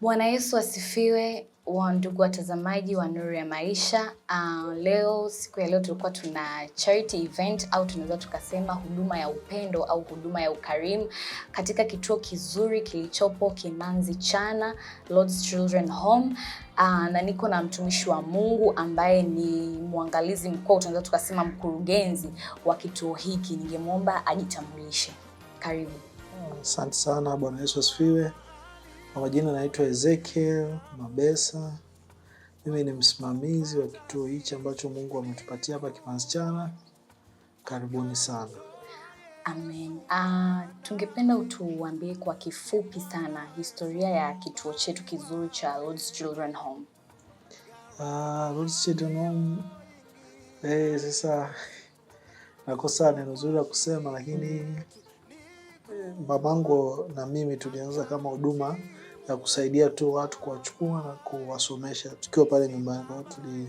Bwana Yesu asifiwe wa ndugu watazamaji wa Nuru ya Maisha. Uh, leo siku ya leo tulikuwa tuna charity event au tunaweza tukasema huduma ya upendo au huduma ya ukarimu katika kituo kizuri kilichopo Kimanzi Chana Lord's Children Home. Uh, na niko na mtumishi wa Mungu ambaye ni mwangalizi mkuu, tunaweza tukasema mkurugenzi wa kituo hiki. Ningemwomba ajitambulishe. Karibu. Asante sana. Bwana Yesu asifiwe. Kwa majina naitwa Ezekiel Mabesa. Mimi ni msimamizi wa kituo hichi ambacho Mungu ametupatia hapa Kimansichana. Karibuni sana. Amen. Uh, tungependa utuambie kwa kifupi sana historia ya kituo chetu kizuri cha Lord's Children Home. Uh, ah, Lord's Children Home eh, sasa nakosa neno zuri la kusema lakini, eh, mm, babangu na mimi tulianza kama huduma ya kusaidia tu watu kuwachukua na kuwasomesha tukiwa pale nyumbani. Kwa hiyo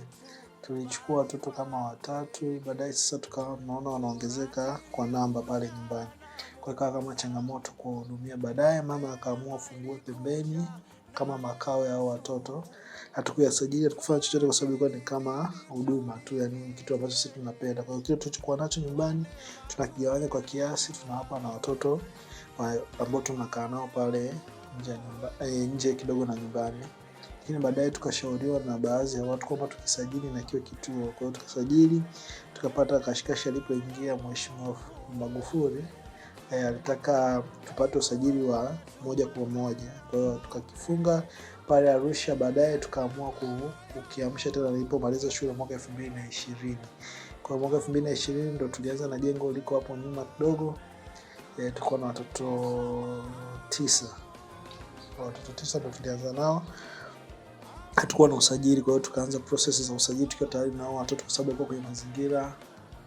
tulichukua watoto kama watatu, baadaye sasa tukawa tunaona wanaongezeka kwa namba pale nyumbani, kwa ikawa kama changamoto kuwahudumia. Baadaye mama akaamua fungue pembeni kama makao ya watoto. Hatukuyasajili, hatukufanya chochote, kwa sababu ilikuwa ni kama huduma tu, yani kitu ambacho sisi tunapenda. Kwa hiyo kile tulichokuwa nacho nyumbani tunakigawanya kwa kiasi, tunawapa na watoto ambao tunakaa nao pale nje, eh, nje kidogo na nyumbani, lakini baadaye tukashauriwa na baadhi ya watu kwamba tukisajili na kiwe kituo. Kwa hiyo tukasajili, tukapata kashikashi. Alipoingia Mheshimiwa Magufuli eh, alitaka tupate usajili wa moja kwa moja, kwa hiyo tukakifunga pale Arusha. Baadaye tukaamua kukiamsha tena nilipomaliza shule mwaka elfu mbili na ishirini. Kwa mwaka elfu mbili na ishirini ndo tulianza na jengo liko hapo nyuma kidogo. E, tuko na watoto tisa kwa watoto tisa ndio tulianza nao, hatukuwa na usajili. Kwa hiyo tukaanza process za usajili tukiwa tayari nao watoto, kwa sababu walikuwa kwenye mazingira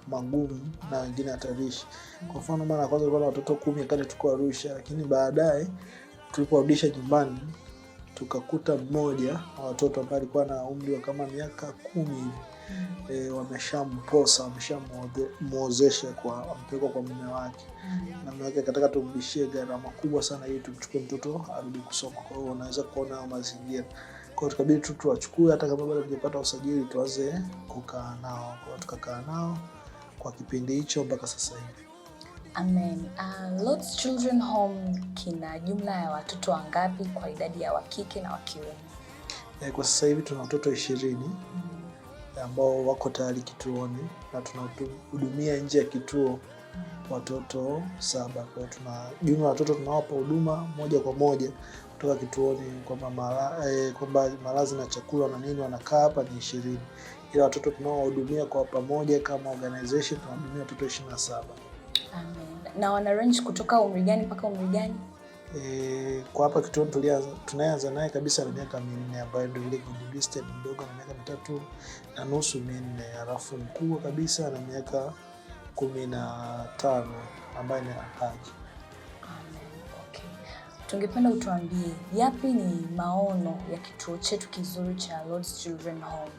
magumu na wengine hatarishi. Kwa mfano, mara ya kwanza tulikuwa na watoto kumi wakati tuko Arusha, lakini baadaye tuliporudisha nyumbani tukakuta mmoja wa watoto ambaye alikuwa na umri wa kama miaka kumi hivi e, wameshamposa wameshamwozesha kwa mpeko kwa mume wake na mm. mume wake akataka tumbishie gharama kubwa sana ili tumchukue mtoto arudi kusoma. Kwa hiyo unaweza kuona hayo mazingira. Kwa tukabidi tu tuwachukue, hata kama bado tujapata usajili, tuanze kukaa nao. Kwa tukakaa nao kwa kipindi hicho mpaka sasa hivi. Amen. Uh, ah, Lord's Children Home kina jumla ya watoto wangapi kwa idadi ya wakike na wakiume? E, eh, kwa sasa hivi tuna watoto ishirini. mm -hmm ambao wako tayari kituoni na tunahudumia nje ya kituo watoto saba. Kwa tuna jumla watoto tunawapa huduma moja kwa moja kutoka kituoni, kwamba mala, eh, kwamba malazi na chakula na nini wanakaa hapa ni ishirini, ila watoto tunaowahudumia kwa pamoja kama organization tunahudumia watoto ishirini na saba. Amen. Na wana range kutoka umri gani mpaka umri gani? E, kwa hapa kituoni tunayeanza naye kabisa na miaka minne ambayo ndio ile contributed mdogo na miaka mitatu na nusu minne, halafu mkubwa kabisa na miaka kumi na tano ambaye ni Akaji. Tungependa utuambie yapi ni maono ya kituo chetu kizuri cha Lord's Children Home?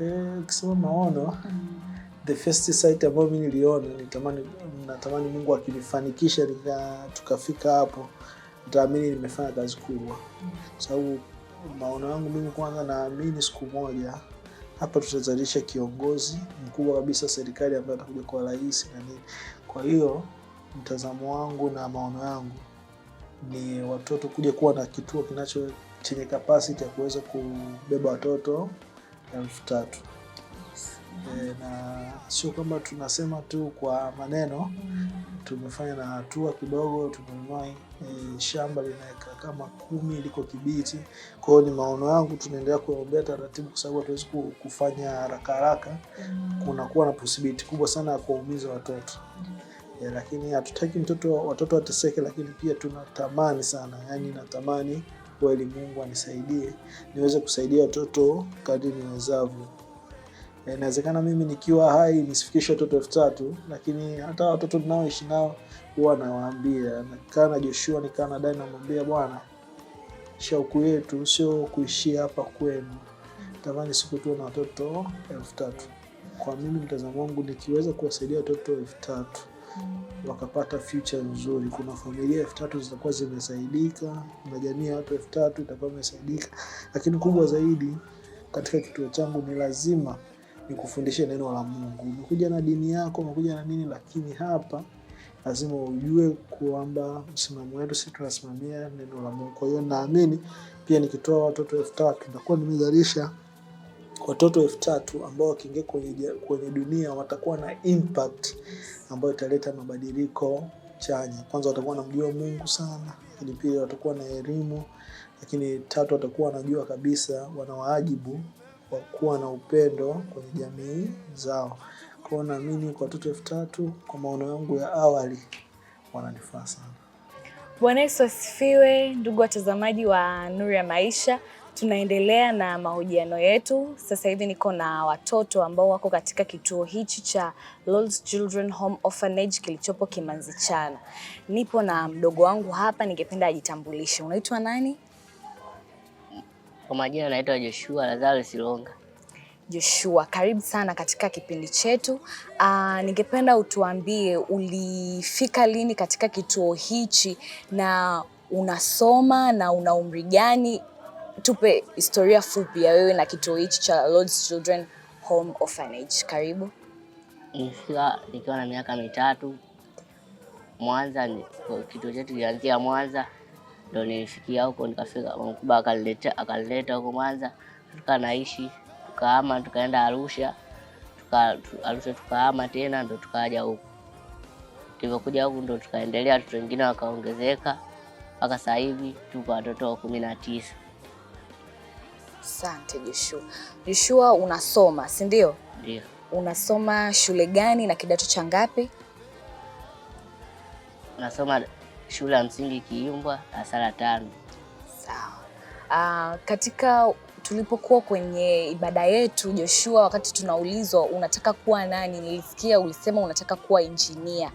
E, kisema maono mm the first sight ambayo mimi niliona, nitamani natamani Mungu akinifanikisha tukafika hapo, nitaamini nimefanya kazi kubwa, kwa sababu maono yangu mimi kwanza, naamini siku moja hapa tutazalisha kiongozi mkubwa kabisa serikali ambaye atakuja kwa rais na nini. Kwa hiyo mtazamo wangu na maono yangu ni watoto kuja kuwa na kituo kinacho chenye kapasiti ya kuweza kubeba watoto elfu tatu e, na sio kwamba tunasema tu kwa maneno. Tumefanya na hatua kidogo, tumenunua e, shamba linaweka kama kumi liko kibiti. Kwa hiyo ni maono yangu, tunaendelea kuombea taratibu, kwa sababu hatuwezi kufanya haraka haraka, kunakuwa na possibility kubwa sana ya kuwaumiza watoto e, lakini hatutaki mtoto watoto wateseke, lakini pia tunatamani sana, yani natamani kweli Mungu anisaidie niweze kusaidia watoto kadri niwezavyo. Eh, inawezekana mimi nikiwa hai nisifikishe watoto elfu tatu lakini hata watoto ninaoishi nao huwa nawaambia, nikaa na Joshua, nikaa na dai namwambia bwana, shauku yetu sio kuishia hapa kwenu, tamani siku tuwe na watoto elfu tatu Kwa mimi mtazamo wangu, nikiweza kuwasaidia watoto elfu tatu wakapata future nzuri, kuna familia elfu tatu zitakuwa zimesaidika na jamii ya watu elfu tatu itakuwa imesaidika. Lakini kubwa zaidi katika kituo changu ni lazima nikufundishe neno la Mungu. Umekuja na dini yako, umekuja na nini, lakini hapa lazima ujue kwamba msimamo wetu sisi tunasimamia neno la Mungu. Kwa hiyo naamini pia nikitoa watoto elfu tatu nitakuwa nimezalisha watoto elfu tatu ambao wakiingia kwenye, kwenye dunia watakuwa na impact ambayo italeta mabadiliko chanya. Kwanza watakuwa wanamjua Mungu sana, lakini pili watakuwa na elimu, lakini tatu watakuwa wanajua kabisa wanawaajibu wa kuwa na upendo kwenye jamii zao. Kwa na naamini kwa watoto elfu tatu kwa maono yangu ya awali wananifaa sana. Bwana Yesu asifiwe, ndugu watazamaji wa Nuru ya Maisha. Tunaendelea na mahojiano yetu. Sasa hivi niko na watoto ambao wako katika kituo hichi cha Lord's Children Home Orphanage kilichopo Kimanzichana. Nipo na mdogo wangu hapa, ningependa ajitambulishe. Unaitwa nani? Kwa majina naitwa Joshua Lazaro Silonga. Joshua, karibu sana katika kipindi chetu. Aa, ah, ningependa utuambie ulifika lini katika kituo hichi na unasoma na una umri gani? Tupe historia fupi ya wewe na kituo hichi cha Lord's Children Home Orphanage. Karibu. Nilifika nikiwa na miaka mitatu Mwanza. Kituo chetu kilianzia Mwanza ndo nilifikia huko, nikafika mkubwa akalileta akaleta huko Mwanza, tukaa naishi, tukaama tukaenda Arusha, tuka Arusha tukaama tena, ndo tukaja huko. Tulivyokuja huku ndo tukaendelea, watoto wengine wakaongezeka mpaka sasa hivi tupo watoto wa kumi na tisa. Asante Joshua. Joshua, unasoma si ndio? Ndio. Unasoma shule gani na kidato cha ngapi? Unasoma shule ya msingi Kiimbwa asara tano. Sawa. Uh, katika tulipokuwa kwenye ibada yetu Joshua, wakati tunaulizwa unataka kuwa nani, nilisikia ulisema unataka kuwa injinia.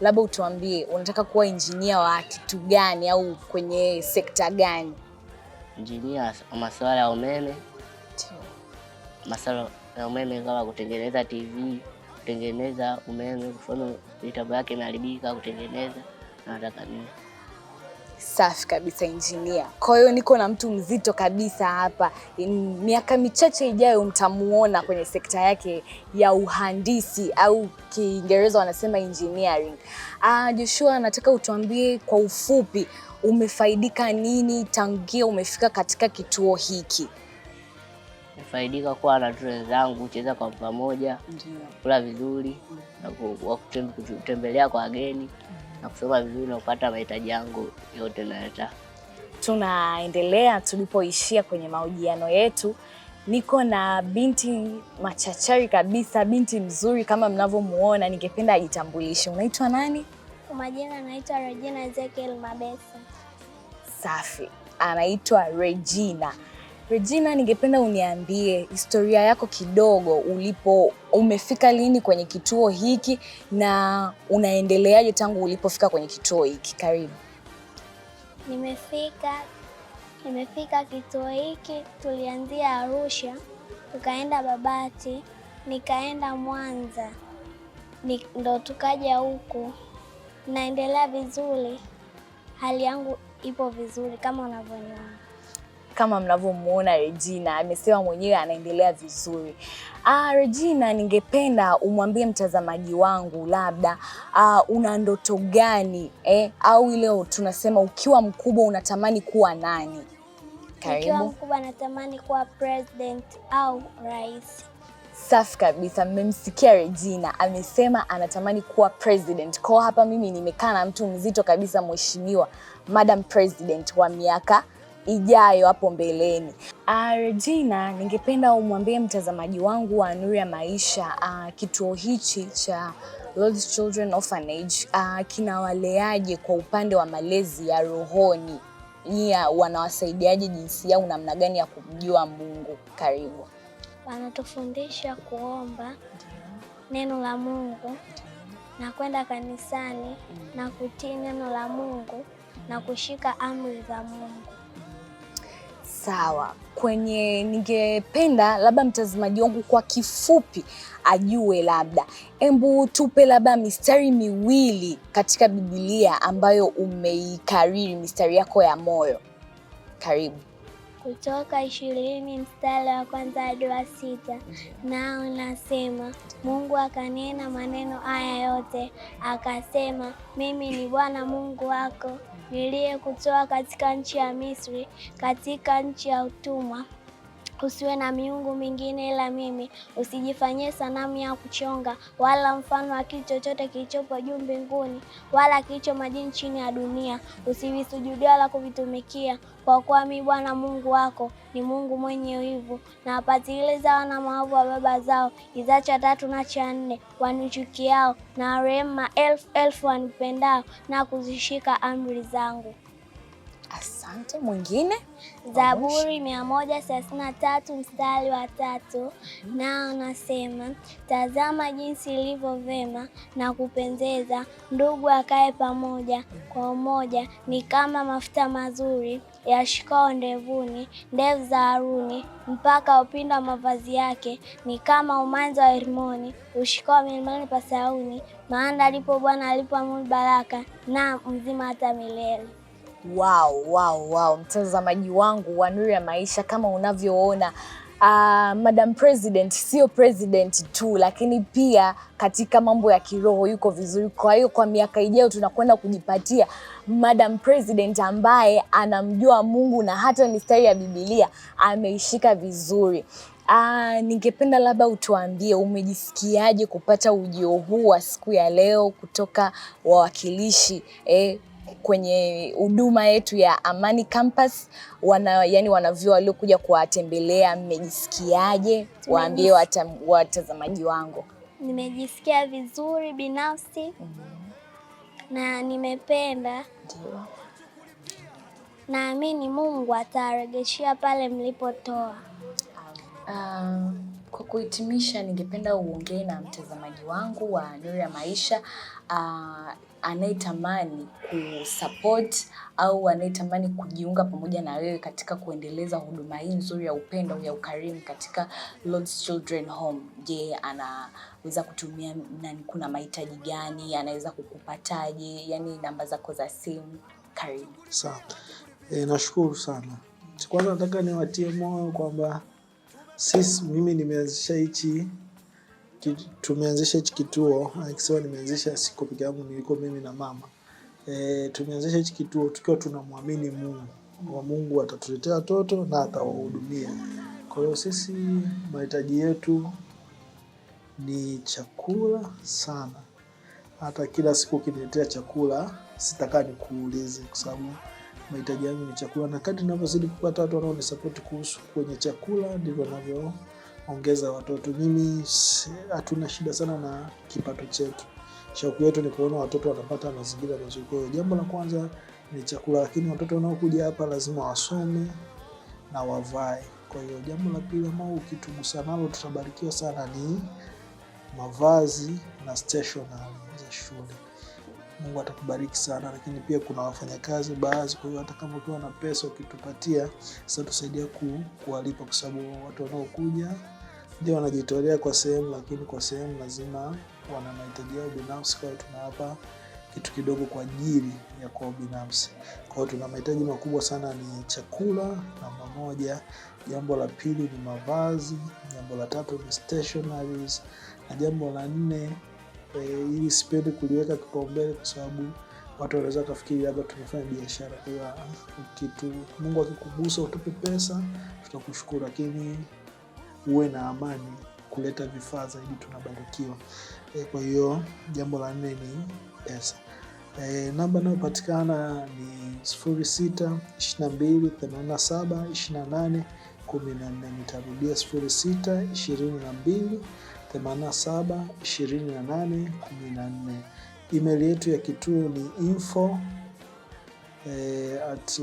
Labda utuambie unataka kuwa injinia wa kitu gani au kwenye sekta gani? Injinia masuala ya umeme, masuala ya umeme kama kutengeneza TV, kutengeneza umeme, mfano mitambo yake imeharibika, kutengeneza Nataka nini? Safi kabisa injinia. Kwa hiyo niko na mtu mzito kabisa hapa, miaka michache ijayo mtamuona kwenye sekta yake ya uhandisi au Kiingereza wanasema engineering. Ah, Joshua, nataka utuambie kwa ufupi umefaidika nini tangia umefika katika kituo hiki? Nimefaidika kuwa na watu wenzangu, kucheza kwa pamoja, kula vizuri na kutembelea kwa wageni na kusoma vizuri na kupata mahitaji yangu yote nayotaka. Tunaendelea tulipoishia kwenye mahojiano yetu. Niko na binti machachari kabisa, binti mzuri kama mnavyomuona. Ningependa ajitambulishe. Unaitwa nani? Kwa majina anaitwa Regina Ezekiel Mabesa. Safi, anaitwa Regina. Regina, ningependa uniambie historia yako kidogo, ulipo umefika lini kwenye kituo hiki na unaendeleaje tangu ulipofika kwenye kituo hiki? Karibu. Nimefika, nimefika kituo hiki, tulianzia Arusha, tukaenda Babati, nikaenda Mwanza, ni, ndo tukaja huku. Naendelea vizuri, hali yangu ipo vizuri kama unavyoniona kama mnavyomuona Regina amesema mwenyewe anaendelea vizuri. Ah, Regina, ningependa umwambie mtazamaji wangu labda ah, una ndoto gani eh? Au ile tunasema ukiwa mkubwa unatamani kuwa nani? Karibu. Ukiwa mkubwa natamani kuwa president au rais. Safi kabisa, mmemsikia Regina amesema anatamani kuwa president. Kwa hapa mimi nimekaa na mtu mzito kabisa, mheshimiwa Madam President wa miaka ijayo hapo mbeleni. Uh, Regina, ningependa umwambie mtazamaji wangu wa Nuru ya Maisha uh, kituo hichi cha Lord's Children Orphanage uh, kinawaleaje kwa upande wa malezi ya rohoni? Nyia wanawasaidiaje jinsi yao, namna gani ya kumjua Mungu? Karibu. Wanatufundisha kuomba neno la Mungu na kwenda kanisani mm. na kutii neno la Mungu na mm. kushika amri za Mungu. Sawa, kwenye ningependa labda mtazamaji wangu kwa kifupi ajue, labda embu tupe labda mistari miwili katika bibilia ambayo umeikariri, mistari yako ya moyo. Karibu. Kutoka ishirini mstari wa kwanza hadi wa sita mhm. nao nasema, Mungu akanena maneno haya yote akasema, mimi ni Bwana Mungu wako niliyekutoa katika nchi ya Misri, katika nchi ya utumwa, Usiwe na miungu mingine ila mimi. Usijifanyie sanamu ya kuchonga wala mfano wa kitu chochote kilichopo juu mbinguni wala kilicho majini chini ya dunia. Usivisujudie wala kuvitumikia, kwa kuwa mimi Bwana Mungu wako ni Mungu mwenye wivu, na apatilize zawa na maovu wa baba zao, kizazi cha tatu na cha nne, wanichukiao na warehemu maelfu elfu wanipendao na kuzishika amri zangu. Asante. Mwingine, Zaburi mia moja thelathini na tatu mstari wa tatu mhm. Nao nasema tazama jinsi ilivyo vema na kupendeza ndugu akae pamoja kwa umoja, ni kama mafuta mazuri yashikao ndevuni, ndevu za Haruni mpaka upinda mavazi yake, ni kama umanzi wa Hermoni ushikao milimani pa Sayuni. Maana alipo Bwana alipoamuru baraka, na mzima hata milele. Wow, wow, wow, mtazamaji wangu wa Nuru ya Maisha, kama unavyoona Uh, Madam President sio president tu, lakini pia katika mambo ya kiroho yuko vizuri. Kwa hiyo kwa miaka ijayo tunakwenda kujipatia Madam President ambaye anamjua Mungu na hata mistari ya Biblia ameishika vizuri. Uh, ningependa labda utuambie umejisikiaje kupata ujio huu wa siku ya leo kutoka wawakilishi eh, kwenye huduma yetu ya Amani Campus wana, yani wanavyuo waliokuja kuwatembelea, mmejisikiaje? Waambie watazamaji wangu. Nimejisikia vizuri binafsi mm -hmm. na nimependa. Ndio. Naamini Mungu atawarejeshea pale mlipotoa. Um, kuhitimisha, ningependa uongee na mtazamaji wangu wa Nuru ya Maisha uh, anayetamani kusupport au anayetamani kujiunga pamoja na wewe katika kuendeleza huduma hii nzuri ya upendo ya ukarimu katika Lord's Children Home. Je, anaweza kutumia nani? Kuna mahitaji gani? Anaweza kukupataje? yani namba zako za simu. Karibu. Sawa. E, nashukuru sana. Kwanza nataka niwatie moyo kwamba sisi mimi nimeanzisha hichi tumeanzisha hichi kituo akisema nimeanzisha siko peke yangu, niliko mimi na mama e, tumeanzisha hichi kituo tukiwa tunamwamini Mungu wa Mungu atatuletea watoto na atawahudumia. Kwa hiyo sisi mahitaji yetu ni chakula sana, hata kila siku ukiniletea chakula sitakaa nikuulize, kwa sababu mahitaji yangu ni chakula, na kadri ninavyozidi kupata watu wanaonisapoti kuhusu kwenye chakula ndivyo navyoongeza watoto. Mimi hatuna shida sana na kipato chetu, shauku yetu ni kuona watoto wanapata mazingira mazuri. Kwa hiyo jambo la kwanza ni chakula, lakini watoto wanaokuja hapa lazima wasome na wavae. Kwa hiyo jambo la pili ambao ukitugusa nalo tutabarikiwa sana ni mavazi na stationery za shule. Mungu atakubariki sana, lakini pia kuna wafanyakazi baadhi. Kwa hiyo hata kama ukiwa na pesa ukitupatia sasa, tusaidia ku, kuwalipa kwa sababu watu wanaokuja ndio wanajitolea kwa sehemu, lakini kwa sehemu lazima wana mahitaji yao binafsi. Kwa hiyo tunawapa kitu kidogo kwa ajili ya kwao binafsi. Kwa hiyo tuna mahitaji makubwa sana, ni chakula namba moja, jambo la pili ni mavazi, jambo la tatu ni stationaries na jambo la nne Eh, ili sipendi kuliweka kipaumbele kwa sababu watu wanaweza kafikiri labda tunafanya biashara. Kwa kitu Mungu akikugusa utupe pesa, tutakushukuru, lakini uwe na amani kuleta vifaa zaidi, tunabarikiwa. E, kwa hiyo jambo la nne ni pesa. E, namba inayopatikana ni sifuri sita ishirini na mbili themanini na saba ishirini na nane kumi na nne. Nitarudia sifuri sita ishirini na mbili 87 28 14. Email yetu ya kituo ni info eh, at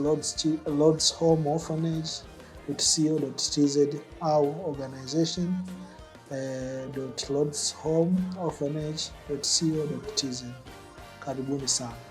lordshomeorphanage.co.tz au organization eh, lordshomeorphanage.co.tz. Karibuni sana.